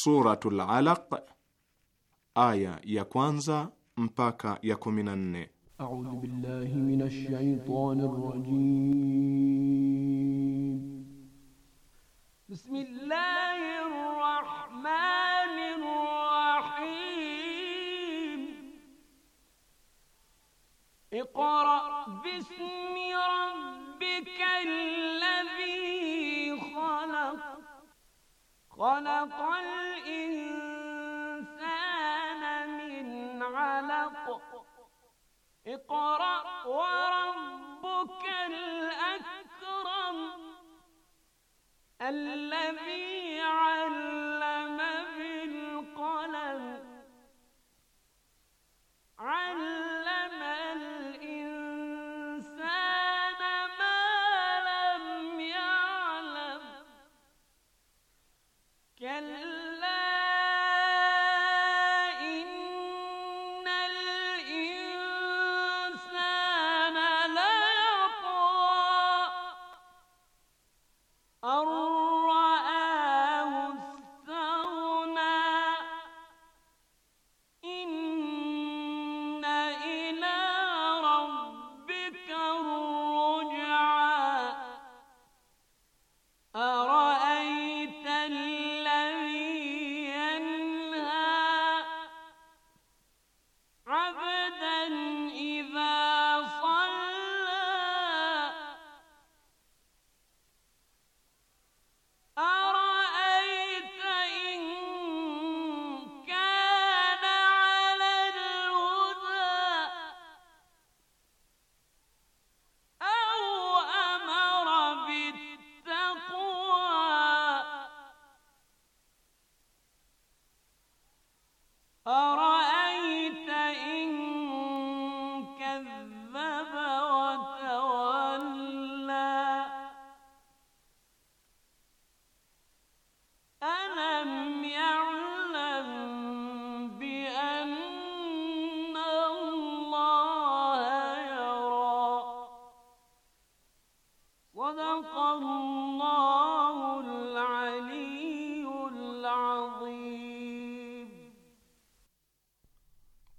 Suratul Alaq, aya ya kwanza mpaka ya kumi na nne. A'udhu billahi minash shaitanir rajim. Bismillahir rahmanir rahim. Iqra bismi rabbikal خلق الإنسان من علق اقرأ وربك الأكرم الذي علم بالقلم علم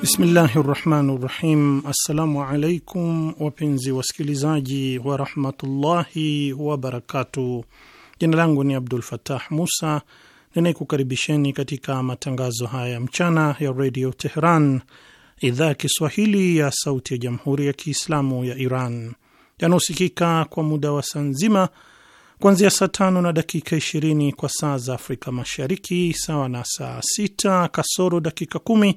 Bismillahi rahmani rahim. Assalamu alaikum wapenzi wasikilizaji warahmatullahi wabarakatuh. Jina langu ni Abdul Fatah Musa ninayekukaribisheni katika matangazo haya mchana ya redio Teheran, idhaa ya Kiswahili ya sauti ya jamhuri ya Kiislamu ya Iran yanaosikika kwa muda wa saa nzima kuanzia saa tano na dakika ishirini kwa saa za Afrika Mashariki, sawa na saa sita kasoro dakika kumi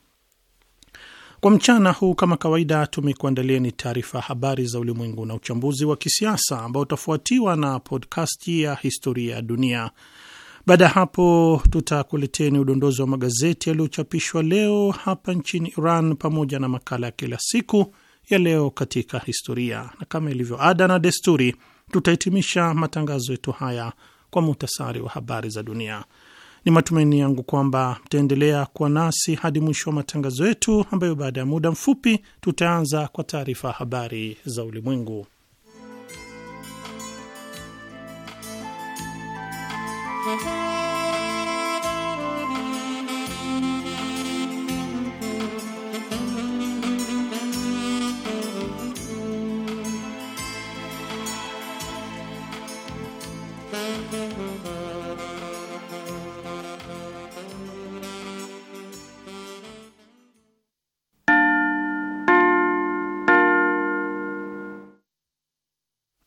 Kwa mchana huu kama kawaida, tumekuandalia ni taarifa ya habari za ulimwengu na uchambuzi wa kisiasa ambao utafuatiwa na podkasti ya historia ya dunia. Baada ya hapo, tutakuleteni udondozi wa magazeti yaliyochapishwa leo hapa nchini Iran, pamoja na makala ya kila siku ya leo katika historia, na kama ilivyo ada na desturi, tutahitimisha matangazo yetu haya kwa muhtasari wa habari za dunia. Ni matumaini yangu kwamba mtaendelea kuwa nasi hadi mwisho wa matangazo yetu, ambayo baada ya muda mfupi tutaanza kwa taarifa ya habari za ulimwengu.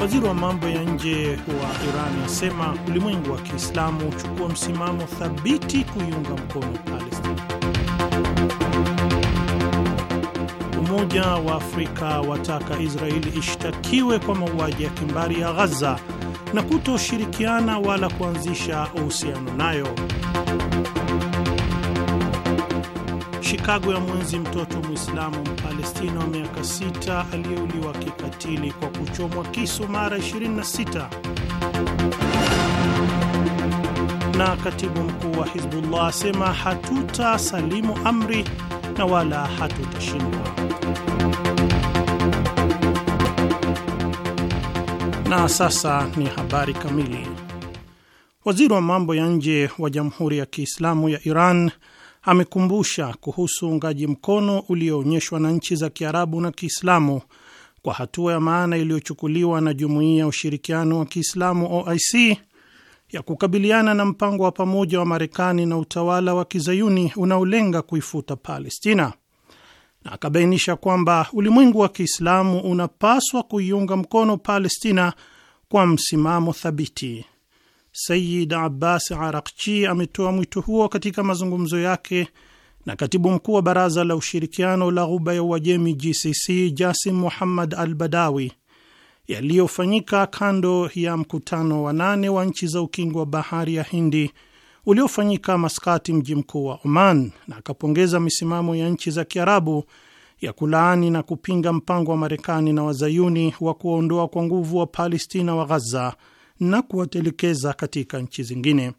Waziri wa mambo ya nje wa Iran asema ulimwengu wa Kiislamu uchukua msimamo thabiti kuiunga mkono Palestina. Umoja wa Afrika wataka Israeli ishtakiwe kwa mauaji ya kimbari ya Ghaza na kutoshirikiana wala kuanzisha uhusiano nayo. Chicago ya mwenzi mtoto Mwislamu Mpalestina wa miaka 6 aliyeuliwa kikatili kwa kuchomwa kisu mara 26. Na katibu mkuu wa Hizbullah asema hatuta salimu amri na wala hatutashindwa. Na sasa ni habari kamili. Waziri wa mambo ya nje wa Jamhuri ya Kiislamu ya Iran amekumbusha kuhusu uungaji mkono ulioonyeshwa na nchi za Kiarabu na Kiislamu kwa hatua ya maana iliyochukuliwa na Jumuiya ya Ushirikiano wa Kiislamu OIC ya kukabiliana na mpango wa pamoja wa Marekani na utawala wa kizayuni unaolenga kuifuta Palestina, na akabainisha kwamba ulimwengu wa Kiislamu unapaswa kuiunga mkono Palestina kwa msimamo thabiti Sayid Abbas Arakchi ametoa mwito huo katika mazungumzo yake na katibu mkuu wa baraza la ushirikiano la ghuba ya Uajemi GCC Jasim Muhammad Al Badawi yaliyofanyika kando ya mkutano wa nane wa nchi za ukingo wa bahari ya Hindi uliofanyika Maskati, mji mkuu wa Oman, na akapongeza misimamo ya nchi za Kiarabu ya kulaani na kupinga mpango wa Marekani na wazayuni wa kuwaondoa kwa nguvu wa Palestina wa Ghaza na kuwatelekeza katika nchi zingine.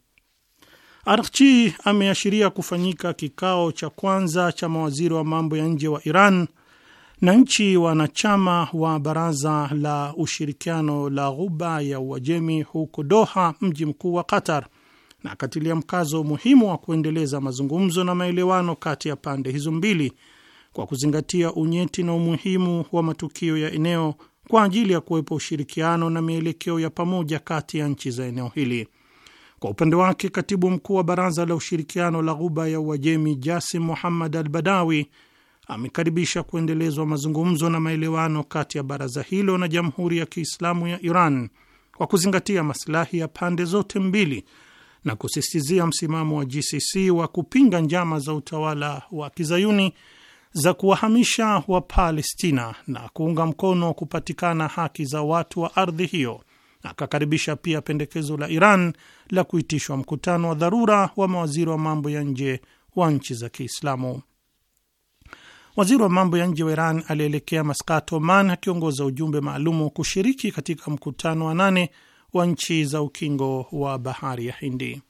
Araghchi ameashiria kufanyika kikao cha kwanza cha mawaziri wa mambo ya nje wa Iran na nchi wanachama wa baraza la ushirikiano la Ghuba ya Uajemi huko Doha, mji mkuu wa Qatar, na akatilia mkazo umuhimu wa kuendeleza mazungumzo na maelewano kati ya pande hizo mbili kwa kuzingatia unyeti na umuhimu wa matukio ya eneo kwa ajili ya kuwepo ushirikiano na mielekeo ya pamoja kati ya nchi za eneo hili. Kwa upande wake, katibu mkuu wa Baraza la Ushirikiano la Ghuba ya Uajemi, Jasim Muhammad Al Badawi, amekaribisha kuendelezwa mazungumzo na maelewano kati ya baraza hilo na Jamhuri ya Kiislamu ya Iran kwa kuzingatia masilahi ya pande zote mbili na kusisitizia msimamo wa GCC wa kupinga njama za utawala wa kizayuni za kuwahamisha Wapalestina na kuunga mkono kupatikana haki za watu wa ardhi hiyo. Akakaribisha pia pendekezo la Iran la kuitishwa mkutano wa dharura wa mawaziri wa mambo ya nje wa nchi za Kiislamu. Waziri wa mambo ya nje wa Iran alielekea Maskat, Oman, akiongoza ujumbe maalumu kushiriki katika mkutano wa nane wa nchi za ukingo wa bahari ya Hindi.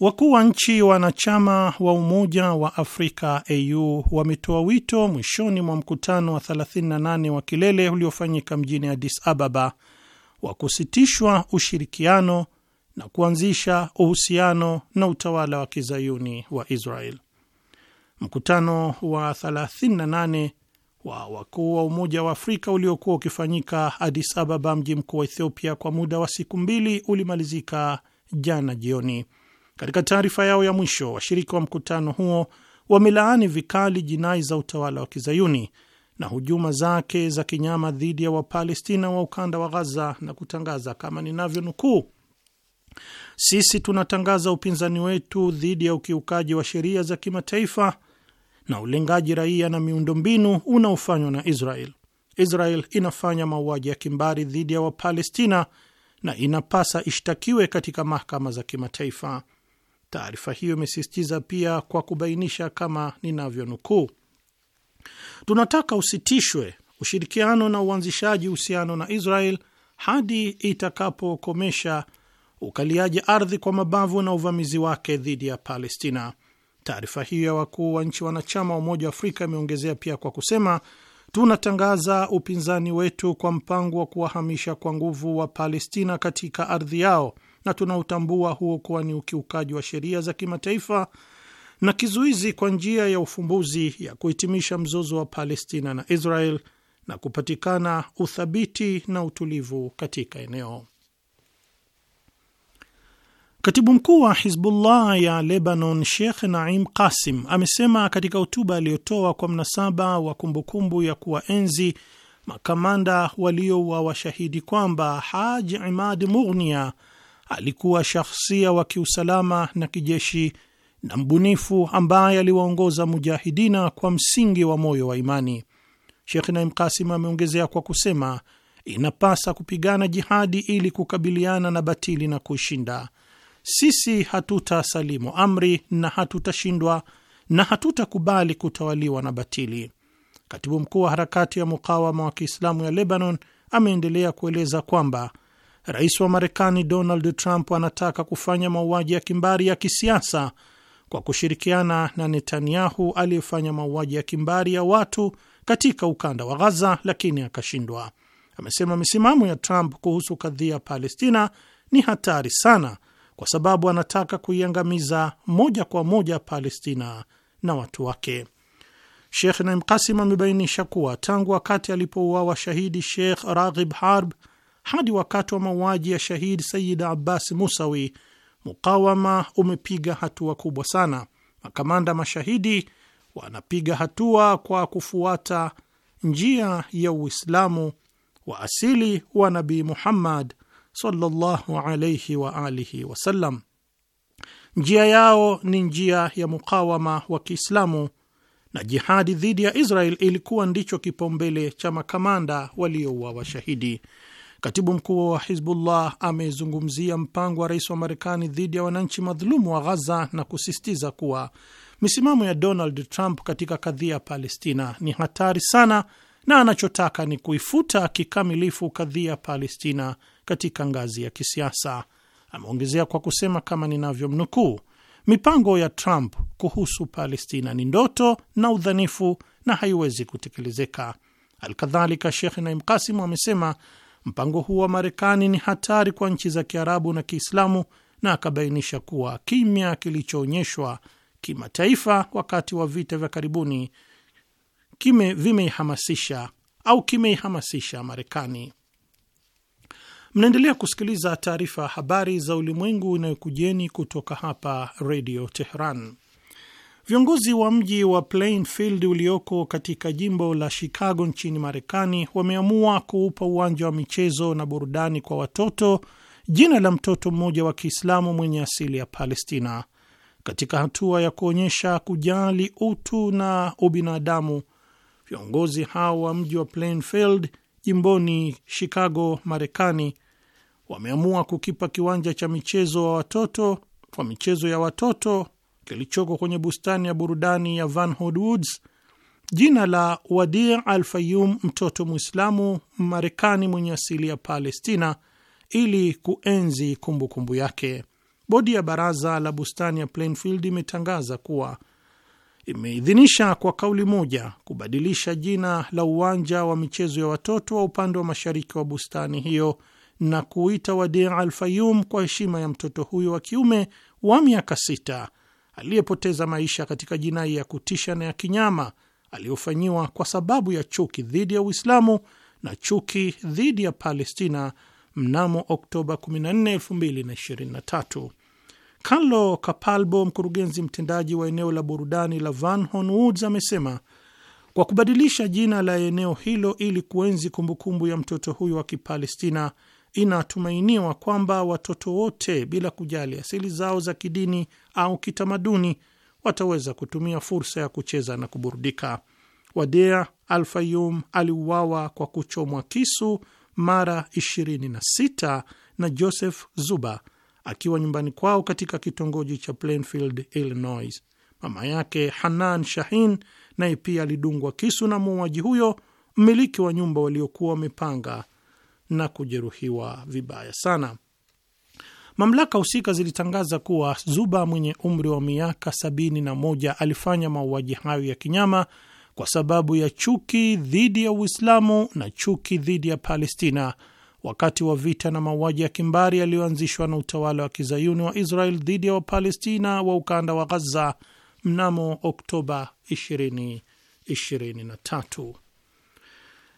Wakuu wa nchi wanachama wa Umoja wa Afrika au wametoa wito mwishoni mwa mkutano wa 38 wa kilele uliofanyika mjini Addis Ababa wa kusitishwa ushirikiano na kuanzisha uhusiano na utawala wa kizayuni wa Israel. Mkutano wa 38 wa wakuu wa Umoja wa Afrika uliokuwa ukifanyika Addis Ababa, mji mkuu wa Ethiopia, kwa muda wa siku mbili ulimalizika jana jioni. Katika taarifa yao ya mwisho, washiriki wa mkutano huo wamelaani vikali jinai za utawala wa kizayuni na hujuma zake za kinyama dhidi ya Wapalestina wa ukanda wa Ghaza na kutangaza kama ninavyonukuu, sisi tunatangaza upinzani wetu dhidi ya ukiukaji wa sheria za kimataifa na ulengaji raia na miundombinu unaofanywa na Israel. Israel inafanya mauaji ya kimbari dhidi ya Wapalestina na inapasa ishtakiwe katika mahakama za kimataifa. Taarifa hiyo imesisitiza pia kwa kubainisha kama ninavyonukuu, tunataka usitishwe ushirikiano na uanzishaji uhusiano na Israel hadi itakapokomesha ukaliaji ardhi kwa mabavu na uvamizi wake dhidi ya Palestina. Taarifa hiyo ya wakuu wa nchi wanachama wa Umoja wa Afrika imeongezea pia kwa kusema, tunatangaza upinzani wetu kwa mpango wa kuwahamisha kwa nguvu wa Palestina katika ardhi yao na tunaotambua huo kuwa ni ukiukaji wa sheria za kimataifa na kizuizi kwa njia ya ufumbuzi ya kuhitimisha mzozo wa Palestina na Israel na kupatikana uthabiti na utulivu katika eneo. Katibu mkuu wa Hizbullah ya Lebanon, Sheikh Naim Qasim, amesema katika hotuba aliyotoa kwa mnasaba wa kumbukumbu ya kuwaenzi makamanda wa washahidi kwamba Haj Imad Mughnia alikuwa shahsia wa kiusalama na kijeshi na mbunifu ambaye aliwaongoza mujahidina kwa msingi wa moyo wa imani. Shekh Naim Kasim ameongezea kwa kusema, inapasa kupigana jihadi ili kukabiliana na batili na kuishinda. Sisi hatutasalimu amri na hatutashindwa na hatutakubali kutawaliwa na batili. Katibu mkuu wa harakati ya mukawama wa Kiislamu ya Lebanon ameendelea kueleza kwamba Rais wa Marekani Donald Trump anataka kufanya mauaji ya kimbari ya kisiasa kwa kushirikiana na Netanyahu aliyefanya mauaji ya kimbari ya watu katika ukanda wa Ghaza, lakini akashindwa. Amesema misimamo ya Trump kuhusu kadhia Palestina ni hatari sana, kwa sababu anataka kuiangamiza moja kwa moja Palestina na watu wake. Sheikh Naim Kasim amebainisha kuwa tangu wakati alipouawa shahidi Sheikh Raghib Harb hadi wakati wa mauaji ya shahid Sayid Abbas Musawi, mukawama umepiga hatua kubwa sana. Makamanda mashahidi wanapiga hatua kwa kufuata njia ya Uislamu wa asili wa Nabii Muhammad sallallahu alayhi wa alihi wasallam. Njia yao ni njia ya mukawama wa Kiislamu, na jihadi dhidi ya Israel ilikuwa ndicho kipaumbele cha makamanda waliouawa shahidi. Katibu mkuu wa Hizbullah amezungumzia mpango wa rais wa Marekani dhidi ya wananchi madhulumu wa Ghaza na kusisitiza kuwa misimamo ya Donald Trump katika kadhia ya Palestina ni hatari sana na anachotaka ni kuifuta kikamilifu kadhia ya Palestina katika ngazi ya kisiasa. Ameongezea kwa kusema kama ninavyomnukuu, mipango ya Trump kuhusu Palestina ni ndoto na udhanifu na haiwezi kutekelezeka. Alkadhalika, Shekh Naim Kasimu amesema Mpango huo wa Marekani ni hatari kwa nchi za Kiarabu na Kiislamu, na akabainisha kuwa kimya kilichoonyeshwa kimataifa wakati wa vita vya karibuni kime vimeihamasisha au kimeihamasisha Marekani. Mnaendelea kusikiliza taarifa ya habari za ulimwengu inayokujeni kutoka hapa Redio Teheran. Viongozi wa mji wa Plainfield ulioko katika jimbo la Chicago nchini Marekani wameamua kuupa uwanja wa michezo na burudani kwa watoto jina la mtoto mmoja wa Kiislamu mwenye asili ya Palestina katika hatua ya kuonyesha kujali utu na ubinadamu. Viongozi hao wa mji wa Plainfield jimboni Chicago, Marekani wameamua kukipa kiwanja cha michezo wa watoto kwa michezo ya watoto kilichoko kwenye bustani ya burudani ya Vanwood Woods. Jina la Wadi al Fayum, mtoto Mwislamu Marekani mwenye asili ya Palestina, ili kuenzi kumbukumbu kumbu yake. Bodi ya baraza la bustani ya Plainfield imetangaza kuwa imeidhinisha kwa kauli moja kubadilisha jina la uwanja wa michezo ya watoto wa upande wa mashariki wa bustani hiyo na kuita Wadi al Fayum kwa heshima ya mtoto huyo wa kiume wa miaka sita aliyepoteza maisha katika jinai ya kutisha na ya kinyama aliyofanyiwa kwa sababu ya chuki dhidi ya Uislamu na chuki dhidi ya Palestina mnamo Oktoba 14, 2023. Carlo Capalbo, mkurugenzi mtendaji wa eneo la burudani la Van Horn Woods, amesema kwa kubadilisha jina la eneo hilo ili kuenzi kumbukumbu ya mtoto huyo wa Kipalestina inatumainiwa kwamba watoto wote bila kujali asili zao za kidini au kitamaduni wataweza kutumia fursa ya kucheza na kuburudika. Wadea Alfayum aliuawa kwa kuchomwa kisu mara 26 na Joseph Zuba akiwa nyumbani kwao katika kitongoji cha Plainfield, Illinois. Mama yake Hanan Shahin naye pia alidungwa kisu na muuaji huyo, mmiliki wa nyumba waliokuwa wamepanga na kujeruhiwa vibaya sana. Mamlaka husika zilitangaza kuwa Zuba mwenye umri wa miaka moja alifanya mauaji hayo ya kinyama kwa sababu ya chuki dhidi ya Uislamu na chuki dhidi ya Palestina wakati wa vita na mauaji ya kimbari yaliyoanzishwa na utawala wa kizayuni wa Israel dhidi ya Wapalestina wa ukanda wa Ghaza mnamo Oktoba 2023.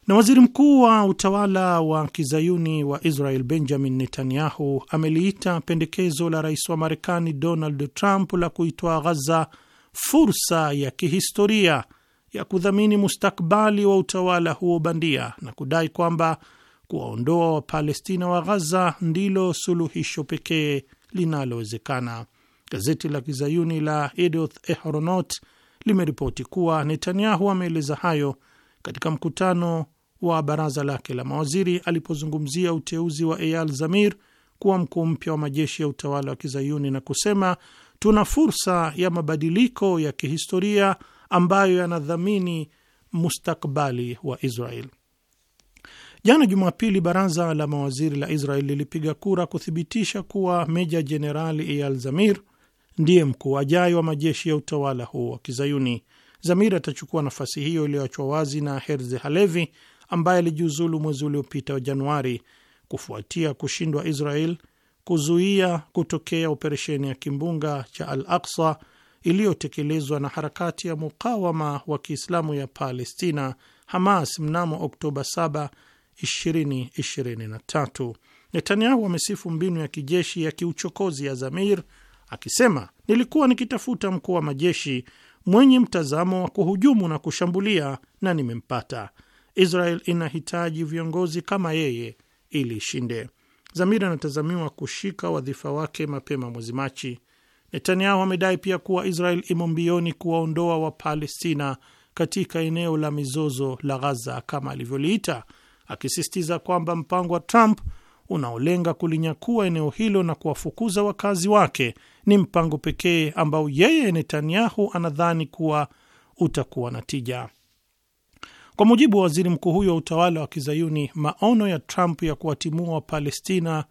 Na waziri mkuu wa utawala wa kizayuni wa Israel Benjamin Netanyahu ameliita pendekezo la rais wa Marekani Donald Trump la kuitoa Ghaza fursa ya kihistoria ya kudhamini mustakbali wa utawala huo bandia na kudai kwamba kuwaondoa Wapalestina wa Ghaza ndilo suluhisho pekee linalowezekana. Gazeti la kizayuni la Edoth Ehronot limeripoti kuwa Netanyahu ameeleza hayo katika mkutano wa baraza lake la mawaziri alipozungumzia uteuzi wa Eyal Zamir kuwa mkuu mpya wa majeshi ya utawala wa kizayuni na kusema tuna fursa ya mabadiliko ya kihistoria ambayo yanadhamini mustakbali wa Israel. Jana Jumapili, baraza la mawaziri la Israel lilipiga kura kuthibitisha kuwa meja jenerali Eyal Zamir ndiye mkuu ajayo wa majeshi ya utawala huo wa kizayuni. Zamir atachukua nafasi hiyo iliyoachwa wazi na herze Halevi ambaye alijiuzulu mwezi uliopita wa Januari kufuatia kushindwa Israel kuzuia kutokea operesheni ya kimbunga cha Al Aksa iliyotekelezwa na harakati ya mukawama wa Kiislamu ya Palestina Hamas mnamo Oktoba 7, 2023. Netanyahu amesifu mbinu ya kijeshi ya kiuchokozi ya Zamir akisema, nilikuwa nikitafuta mkuu wa majeshi mwenye mtazamo wa kuhujumu na kushambulia na nimempata. Israel inahitaji viongozi kama yeye ili ishinde. Zamir anatazamiwa kushika wadhifa wake mapema mwezi Machi. Netanyahu amedai pia kuwa Israel imo mbioni kuwaondoa Wapalestina katika eneo la mizozo la Ghaza kama alivyoliita, akisisitiza kwamba mpango wa Trump unaolenga kulinyakua eneo hilo na kuwafukuza wakazi wake ni mpango pekee ambao yeye Netanyahu anadhani kuwa utakuwa na tija. Kwa mujibu wa waziri mkuu huyo wa utawala wa Kizayuni, maono ya Trump ya kuwatimua Wapalestina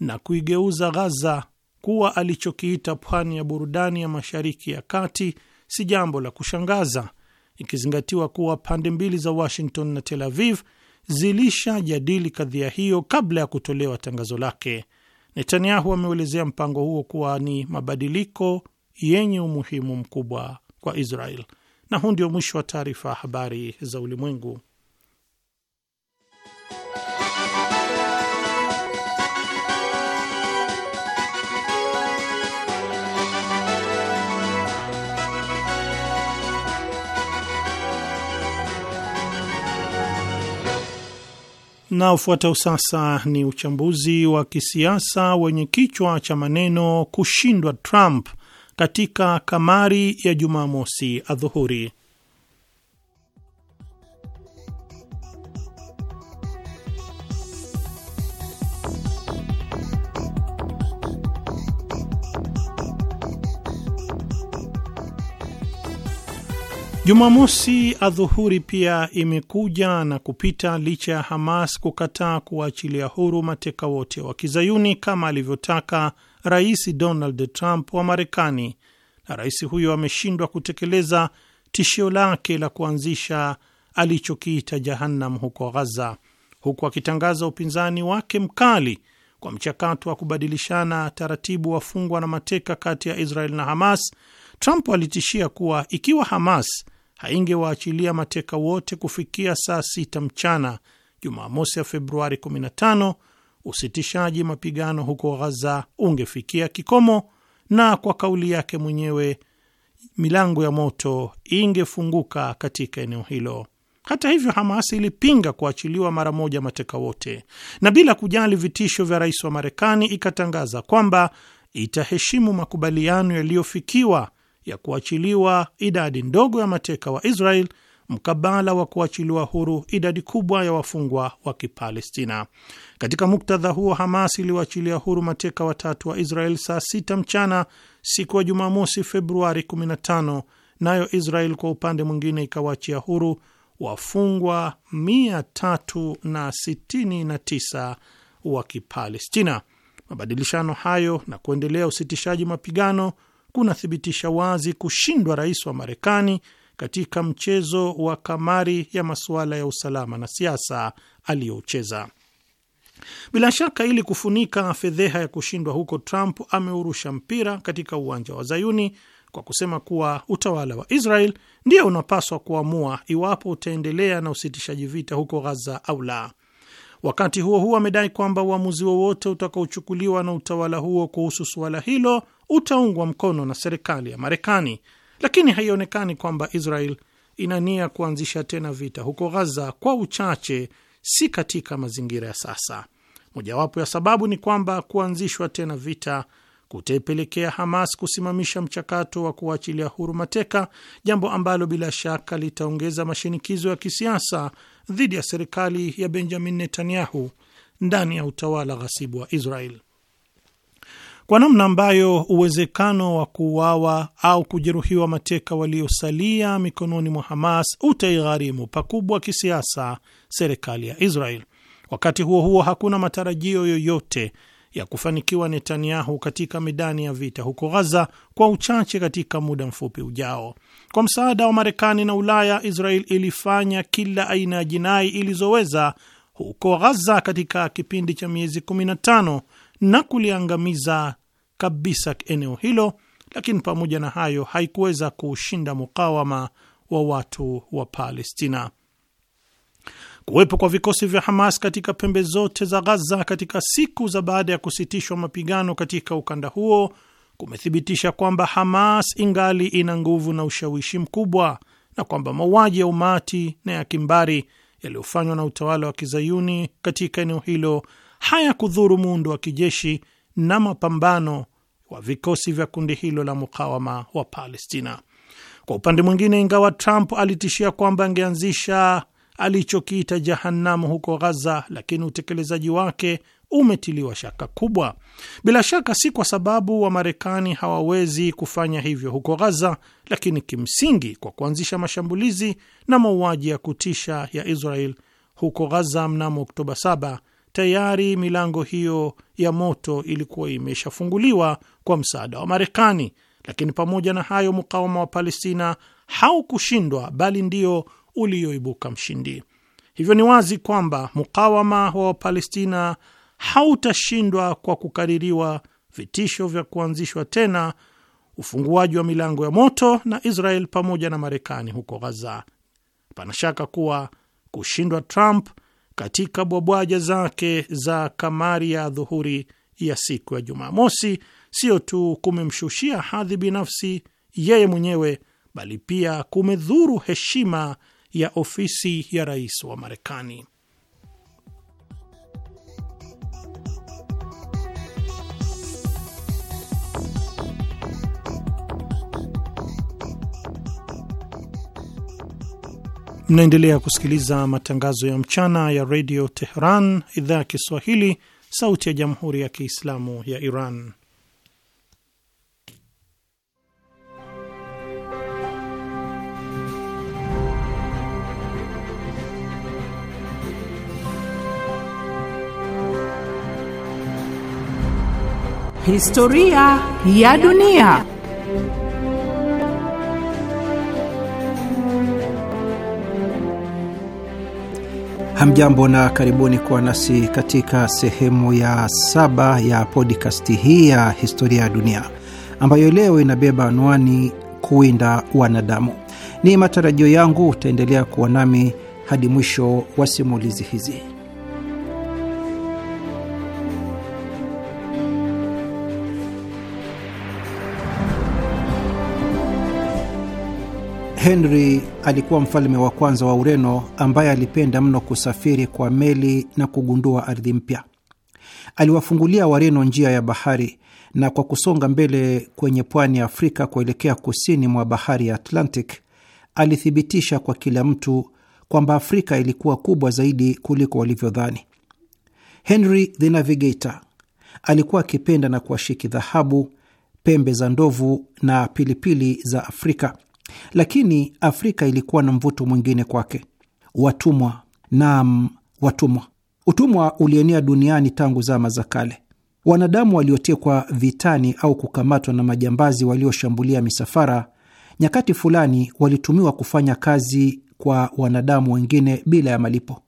na kuigeuza Ghaza kuwa alichokiita pwani ya burudani ya Mashariki ya Kati si jambo la kushangaza ikizingatiwa kuwa pande mbili za Washington na Tel Aviv zilishajadili kadhia hiyo kabla ya kutolewa tangazo lake. Netanyahu ameuelezea mpango huo kuwa ni mabadiliko yenye umuhimu mkubwa kwa Israel na huu ndio mwisho wa taarifa ya habari za ulimwengu. Na ufuatao sasa ni uchambuzi wa kisiasa wenye kichwa cha maneno kushindwa Trump katika kamari ya Jumamosi adhuhuri. Jumamosi adhuhuri pia imekuja na kupita licha ya Hamas kukataa kuwaachilia huru mateka wote wa kizayuni kama alivyotaka Rais Donald Trump wa Marekani, na rais huyo ameshindwa kutekeleza tishio lake la kuanzisha alichokiita jahannam huko Ghaza, huku akitangaza upinzani wake mkali kwa mchakato wa kubadilishana taratibu wafungwa na mateka kati ya Israel na Hamas. Trump alitishia kuwa ikiwa Hamas haingewaachilia mateka wote kufikia saa sita mchana Jumamosi ya Februari 15 usitishaji mapigano huko Ghaza ungefikia kikomo na kwa kauli yake mwenyewe milango ya moto ingefunguka katika eneo hilo. Hata hivyo, Hamas ilipinga kuachiliwa mara moja mateka wote, na bila kujali vitisho vya rais wa Marekani ikatangaza kwamba itaheshimu makubaliano yaliyofikiwa ya kuachiliwa idadi ndogo ya mateka wa Israel mkabala wa kuachiliwa huru idadi kubwa ya wafungwa wa Kipalestina. Katika muktadha huo, Hamas iliwaachilia huru mateka watatu wa Israel saa sita mchana siku ya Jumamosi, Februari 15, nayo Israel kwa upande mwingine ikawaachia huru wafungwa 369 wa Kipalestina. Mabadilishano hayo na kuendelea usitishaji mapigano kunathibitisha wazi kushindwa rais wa Marekani katika mchezo wa kamari ya masuala ya usalama na siasa aliyoucheza. Bila shaka ili kufunika fedheha ya kushindwa huko, Trump ameurusha mpira katika uwanja wa Zayuni kwa kusema kuwa utawala wa Israel ndiyo unapaswa kuamua iwapo utaendelea na usitishaji vita huko Ghaza au la. Wakati huo huo, amedai kwamba uamuzi wowote utakaochukuliwa na utawala huo kuhusu suala hilo utaungwa mkono na serikali ya Marekani, lakini haionekani kwamba Israel ina nia kuanzisha tena vita huko Ghaza, kwa uchache si katika mazingira ya sasa. Mojawapo ya sababu ni kwamba kuanzishwa tena vita kutaipelekea Hamas kusimamisha mchakato wa kuachilia huru mateka, jambo ambalo bila shaka litaongeza mashinikizo ya kisiasa dhidi ya serikali ya Benjamin Netanyahu ndani ya utawala ghasibu wa Israel kwa namna ambayo uwezekano wa kuuawa au kujeruhiwa mateka waliosalia mikononi mwa Hamas utaigharimu pakubwa kisiasa serikali ya Israel. Wakati huo huo, hakuna matarajio yoyote ya kufanikiwa Netanyahu katika midani ya vita huko Ghaza, kwa uchache katika muda mfupi ujao. Kwa msaada wa Marekani na Ulaya, Israel ilifanya kila aina ya jinai ilizoweza huko Ghaza katika kipindi cha miezi 15 na kuliangamiza kabisa eneo hilo, lakini pamoja na hayo haikuweza kushinda mukawama wa watu wa Palestina. Kuwepo kwa vikosi vya Hamas katika pembe zote za Ghaza katika siku za baada ya kusitishwa mapigano katika ukanda huo kumethibitisha kwamba Hamas ingali ina nguvu na ushawishi mkubwa na kwamba mauaji ya umati na ya kimbari yaliyofanywa na utawala wa kizayuni katika eneo hilo hayakudhuru muundo wa kijeshi na mapambano wa vikosi vya kundi hilo la mukawama wa Palestina. Kwa upande mwingine, ingawa Trump alitishia kwamba angeanzisha alichokiita jahannamu huko Ghaza, lakini utekelezaji wake umetiliwa shaka kubwa. Bila shaka si kwa sababu Wamarekani hawawezi kufanya hivyo huko Ghaza, lakini kimsingi kwa kuanzisha mashambulizi na mauaji ya kutisha ya Israel huko Ghaza mnamo Oktoba 7 tayari milango hiyo ya moto ilikuwa imeshafunguliwa kwa msaada wa Marekani. Lakini pamoja na hayo, mukawama wa Palestina haukushindwa, bali ndio ulioibuka mshindi. Hivyo ni wazi kwamba mukawama wa Wapalestina hautashindwa kwa kukaririwa vitisho vya kuanzishwa tena ufunguaji wa milango ya moto na Israel pamoja na Marekani huko Ghaza. Pana shaka kuwa kushindwa Trump katika bwabwaja zake za kamari ya dhuhuri ya siku ya Jumamosi, sio tu kumemshushia hadhi binafsi yeye mwenyewe, bali pia kumedhuru heshima ya ofisi ya rais wa Marekani. Mnaendelea kusikiliza matangazo ya mchana ya redio Teheran, idhaa ya Kiswahili, sauti ya jamhuri ya kiislamu ya Iran. Historia ya dunia. Hamjambo na karibuni kuwa nasi katika sehemu ya saba ya podkasti hii ya historia ya dunia ambayo leo inabeba anwani kuwinda wanadamu. Ni matarajio yangu utaendelea kuwa nami hadi mwisho wa simulizi hizi. Henry alikuwa mfalme wa kwanza wa Ureno ambaye alipenda mno kusafiri kwa meli na kugundua ardhi mpya. Aliwafungulia Wareno njia ya bahari na kwa kusonga mbele kwenye pwani ya Afrika kuelekea kusini mwa bahari ya Atlantic, alithibitisha kwa kila mtu kwamba Afrika ilikuwa kubwa zaidi kuliko walivyodhani. Henry the Navigator alikuwa akipenda na kuashiki dhahabu, pembe za ndovu na pilipili za Afrika. Lakini Afrika ilikuwa na mvuto mwingine kwake: watumwa. Naam, watumwa. Utumwa ulienea duniani tangu zama za kale. Wanadamu waliotekwa vitani au kukamatwa na majambazi walioshambulia misafara, nyakati fulani walitumiwa kufanya kazi kwa wanadamu wengine bila ya malipo.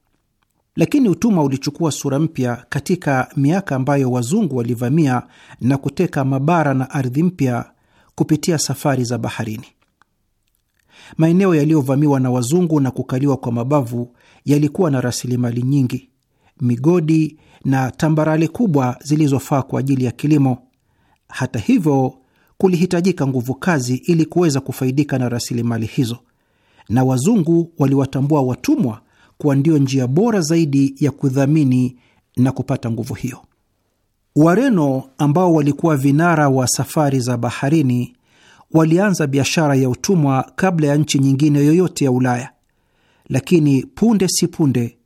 Lakini utumwa ulichukua sura mpya katika miaka ambayo wazungu walivamia na kuteka mabara na ardhi mpya kupitia safari za baharini. Maeneo yaliyovamiwa na wazungu na kukaliwa kwa mabavu yalikuwa na rasilimali nyingi, migodi na tambarale kubwa zilizofaa kwa ajili ya kilimo. Hata hivyo, kulihitajika nguvu kazi ili kuweza kufaidika na rasilimali hizo, na wazungu waliwatambua watumwa kuwa ndio njia bora zaidi ya kudhamini na kupata nguvu hiyo. Wareno ambao walikuwa vinara wa safari za baharini walianza biashara ya utumwa kabla ya nchi nyingine yoyote ya Ulaya, lakini punde si punde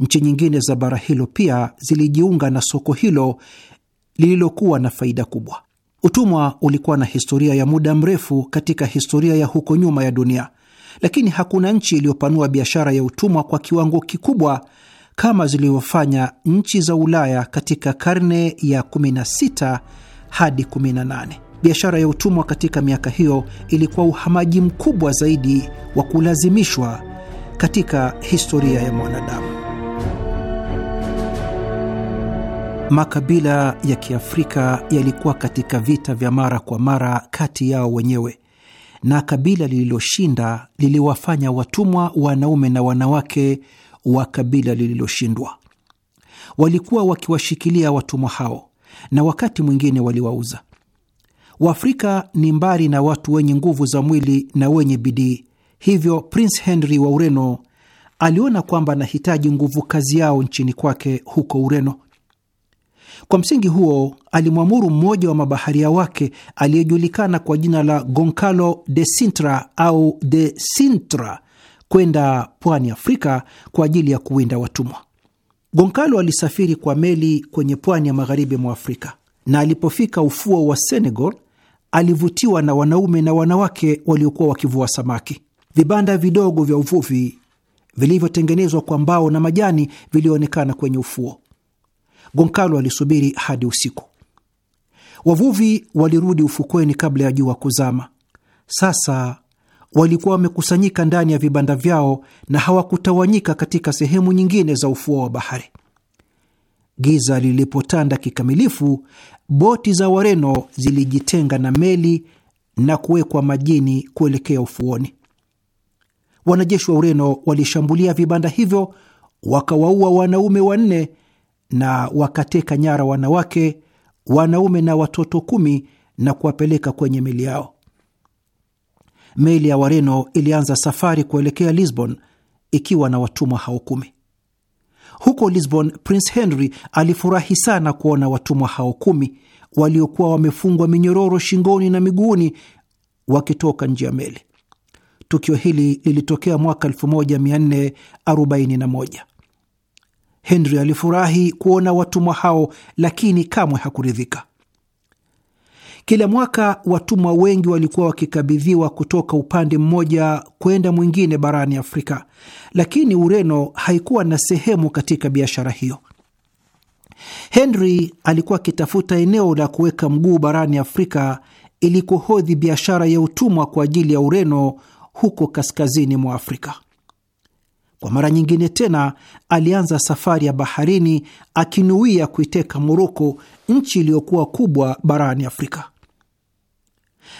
nchi nyingine za bara hilo pia zilijiunga na soko hilo lililokuwa na faida kubwa. Utumwa ulikuwa na historia ya muda mrefu katika historia ya huko nyuma ya dunia, lakini hakuna nchi iliyopanua biashara ya utumwa kwa kiwango kikubwa kama zilivyofanya nchi za Ulaya katika karne ya 16 hadi 18. Biashara ya utumwa katika miaka hiyo ilikuwa uhamaji mkubwa zaidi wa kulazimishwa katika historia ya mwanadamu. Makabila ya Kiafrika yalikuwa katika vita vya mara kwa mara kati yao wenyewe, na kabila lililoshinda liliwafanya watumwa wanaume na wanawake wa kabila lililoshindwa. Walikuwa wakiwashikilia watumwa hao na wakati mwingine waliwauza. Waafrika ni mbali na watu wenye nguvu za mwili na wenye bidii, hivyo Prince Henry wa Ureno aliona kwamba anahitaji nguvu kazi yao nchini kwake huko Ureno. Kwa msingi huo, alimwamuru mmoja wa mabaharia wake aliyejulikana kwa jina la Goncalo de Sintra au de Sintra kwenda pwani Afrika kwa ajili ya kuwinda watumwa. Goncalo alisafiri kwa meli kwenye pwani ya magharibi mwa Afrika na alipofika ufuo wa Senegal alivutiwa na wanaume na wanawake waliokuwa wakivua samaki. Vibanda vidogo vya uvuvi vilivyotengenezwa kwa mbao na majani vilionekana kwenye ufuo. Gonkalo alisubiri hadi usiku. Wavuvi walirudi ufukweni kabla ya jua kuzama. Sasa walikuwa wamekusanyika ndani ya vibanda vyao na hawakutawanyika katika sehemu nyingine za ufuo wa bahari. Giza lilipotanda kikamilifu, boti za Wareno zilijitenga na meli na kuwekwa majini kuelekea ufuoni. Wanajeshi wa Ureno walishambulia vibanda hivyo, wakawaua wanaume wanne na wakateka nyara wanawake, wanaume na watoto kumi na kuwapeleka kwenye meli yao. Meli ya Wareno ilianza safari kuelekea Lisbon ikiwa na watumwa hao kumi. Huko Lisbon, Prince Henry alifurahi sana kuona watumwa hao kumi waliokuwa wamefungwa minyororo shingoni na miguuni wakitoka nje ya meli. Tukio hili lilitokea mwaka 1441. Henry alifurahi kuona watumwa hao, lakini kamwe hakuridhika. Kila mwaka watumwa wengi walikuwa wakikabidhiwa kutoka upande mmoja kwenda mwingine barani Afrika, lakini Ureno haikuwa na sehemu katika biashara hiyo. Henry alikuwa akitafuta eneo la kuweka mguu barani Afrika ili kuhodhi biashara ya utumwa kwa ajili ya Ureno huko kaskazini mwa Afrika. Kwa mara nyingine tena alianza safari ya baharini akinuia kuiteka Moroko, nchi iliyokuwa kubwa barani Afrika.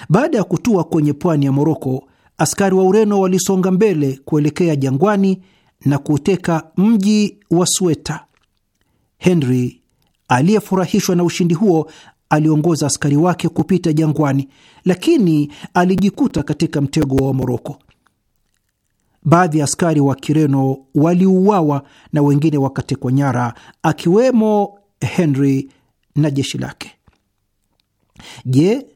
Baada ya kutua kwenye pwani ya Moroko, askari wa Ureno walisonga mbele kuelekea jangwani na kuuteka mji wa Sweta. Henry aliyefurahishwa na ushindi huo aliongoza askari wake kupita jangwani, lakini alijikuta katika mtego wa Moroko. Baadhi ya askari wa Kireno waliuawa na wengine wakatekwa nyara, akiwemo Henry na jeshi lake. Je,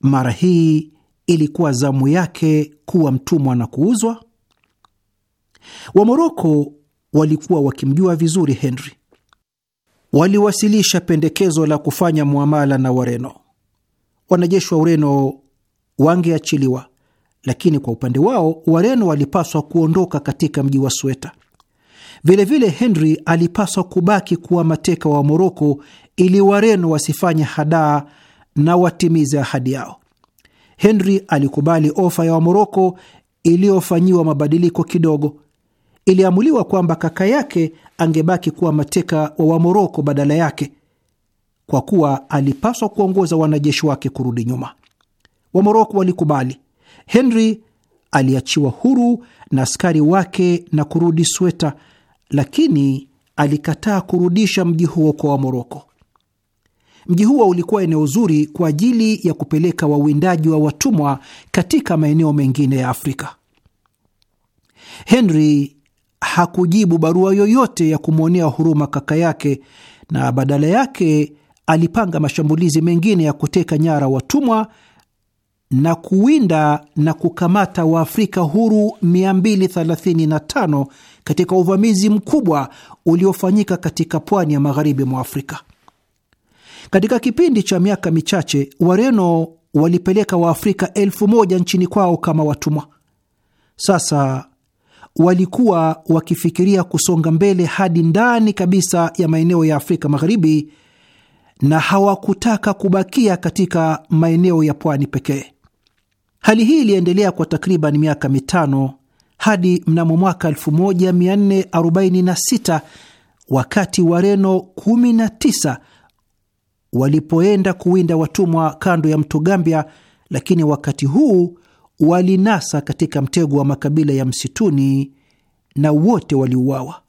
mara hii ilikuwa zamu yake kuwa mtumwa na kuuzwa. Wamoroko walikuwa wakimjua vizuri Henry. Waliwasilisha pendekezo la kufanya muamala na Wareno. Wanajeshi wa Ureno wangeachiliwa, lakini kwa upande wao Wareno walipaswa kuondoka katika mji wa Sweta. Vilevile Henry alipaswa kubaki kuwa mateka wa Moroko ili Wareno wasifanye hadaa na watimize ahadi yao. Henry alikubali ofa ya Wamoroko iliyofanyiwa mabadiliko kidogo. Iliamuliwa kwamba kaka yake angebaki kuwa mateka wa Wamoroko badala yake, kwa kuwa alipaswa kuongoza wanajeshi wake kurudi nyuma. Wamoroko walikubali. Henry aliachiwa huru na askari wake na kurudi Sweta, lakini alikataa kurudisha mji huo kwa Wamoroko. Mji huo ulikuwa eneo zuri kwa ajili ya kupeleka wawindaji wa watumwa katika maeneo mengine ya Afrika. Henry hakujibu barua yoyote ya kumwonea huruma kaka yake, na badala yake alipanga mashambulizi mengine ya kuteka nyara watumwa na kuwinda na kukamata Waafrika huru 235 katika uvamizi mkubwa uliofanyika katika pwani ya magharibi mwa Afrika. Katika kipindi cha miaka michache, Wareno walipeleka Waafrika elfu moja nchini kwao kama watumwa. Sasa walikuwa wakifikiria kusonga mbele hadi ndani kabisa ya maeneo ya Afrika Magharibi na hawakutaka kubakia katika maeneo ya pwani pekee. Hali hii iliendelea kwa takriban miaka mitano hadi mnamo mwaka 1446 wakati Wareno 19 walipoenda kuwinda watumwa kando ya mto Gambia, lakini wakati huu walinasa katika mtego wa makabila ya msituni na wote waliuawa.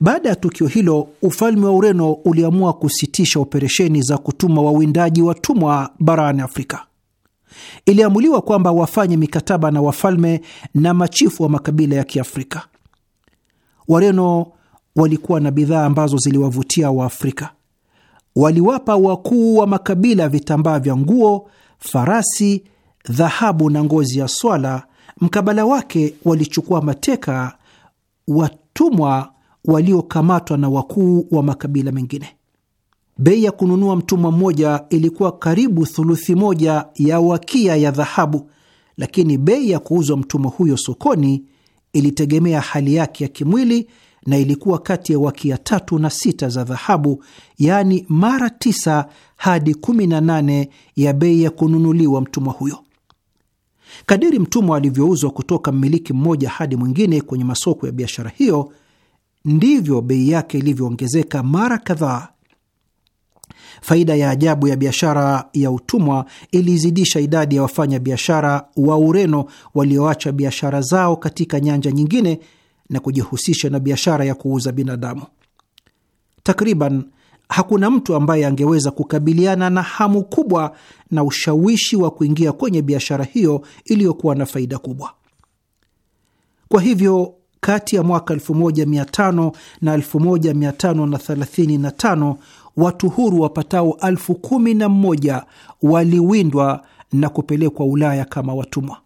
Baada ya tukio hilo, ufalme wa Ureno uliamua kusitisha operesheni za kutuma wawindaji watumwa barani Afrika. Iliamuliwa kwamba wafanye mikataba na wafalme na machifu wa makabila ya Kiafrika. Wareno walikuwa na bidhaa ambazo ziliwavutia Waafrika waliwapa wakuu wa makabila vitambaa vya nguo, farasi, dhahabu na ngozi ya swala. Mkabala wake walichukua mateka watumwa waliokamatwa na wakuu wa makabila mengine. Bei ya kununua mtumwa mmoja ilikuwa karibu thuluthi moja ya wakia ya dhahabu, lakini bei ya kuuzwa mtumwa huyo sokoni ilitegemea hali yake ya kimwili na ilikuwa kati ya wakia tatu na sita za dhahabu, yaani mara tisa hadi kumi na nane ya bei ya kununuliwa mtumwa huyo. Kadiri mtumwa alivyouzwa kutoka mmiliki mmoja hadi mwingine kwenye masoko ya biashara hiyo, ndivyo bei yake ilivyoongezeka mara kadhaa. Faida ya ajabu ya biashara ya utumwa ilizidisha idadi ya wafanya biashara wa Ureno walioacha biashara zao katika nyanja nyingine na kujihusisha na biashara ya kuuza binadamu. Takriban hakuna mtu ambaye angeweza kukabiliana na hamu kubwa na ushawishi wa kuingia kwenye biashara hiyo iliyokuwa na faida kubwa. Kwa hivyo kati ya mwaka 1500 na 1535 watu huru wapatao elfu kumi na mmoja waliwindwa na kupelekwa Ulaya kama watumwa.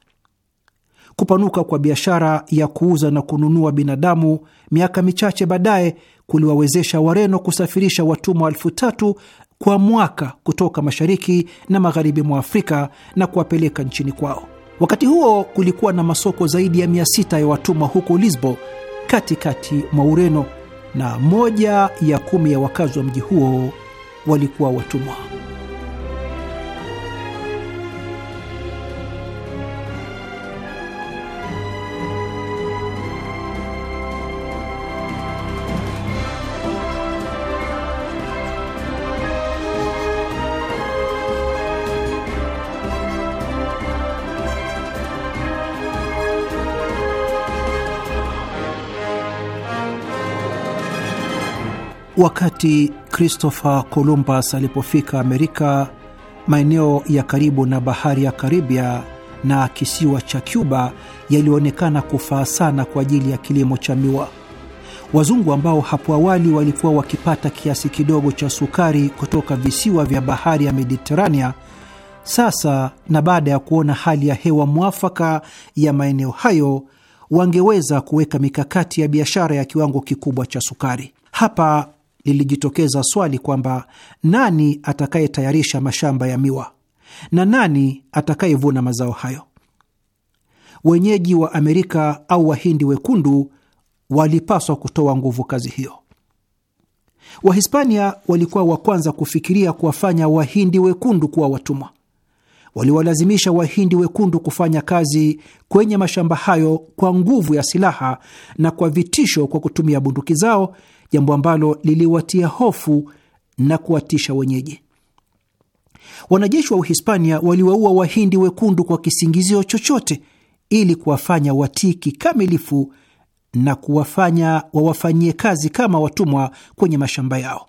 Kupanuka kwa biashara ya kuuza na kununua binadamu miaka michache baadaye kuliwawezesha Wareno kusafirisha watumwa elfu tatu kwa mwaka kutoka mashariki na magharibi mwa Afrika na kuwapeleka nchini kwao. Wakati huo kulikuwa na masoko zaidi ya 6 ya watumwa huko Lisbo, katikati mwa Ureno, na moja ya kumi ya wakazi wa mji huo walikuwa watumwa. Wakati Christopher Columbus alipofika Amerika, maeneo ya karibu na bahari ya Karibia na kisiwa cha Cuba yalionekana kufaa sana kwa ajili ya kilimo cha miwa. Wazungu ambao hapo awali walikuwa wakipata kiasi kidogo cha sukari kutoka visiwa vya bahari ya Mediterania, sasa na baada ya kuona hali ya hewa mwafaka ya maeneo hayo, wangeweza kuweka mikakati ya biashara ya kiwango kikubwa cha sukari. Hapa lilijitokeza swali kwamba nani atakayetayarisha mashamba ya miwa na nani atakayevuna mazao hayo. Wenyeji wa Amerika au Wahindi wekundu walipaswa kutoa nguvu kazi hiyo. Wahispania walikuwa wa kwanza kufikiria kuwafanya Wahindi wekundu kuwa watumwa. Waliwalazimisha Wahindi wekundu kufanya kazi kwenye mashamba hayo kwa nguvu ya silaha na kwa vitisho kwa kutumia bunduki zao jambo ambalo liliwatia hofu na kuwatisha wenyeji. Wanajeshi wa Uhispania waliwaua Wahindi wekundu kwa kisingizio chochote ili kuwafanya watii kikamilifu na kuwafanya wawafanyie kazi kama watumwa kwenye mashamba yao.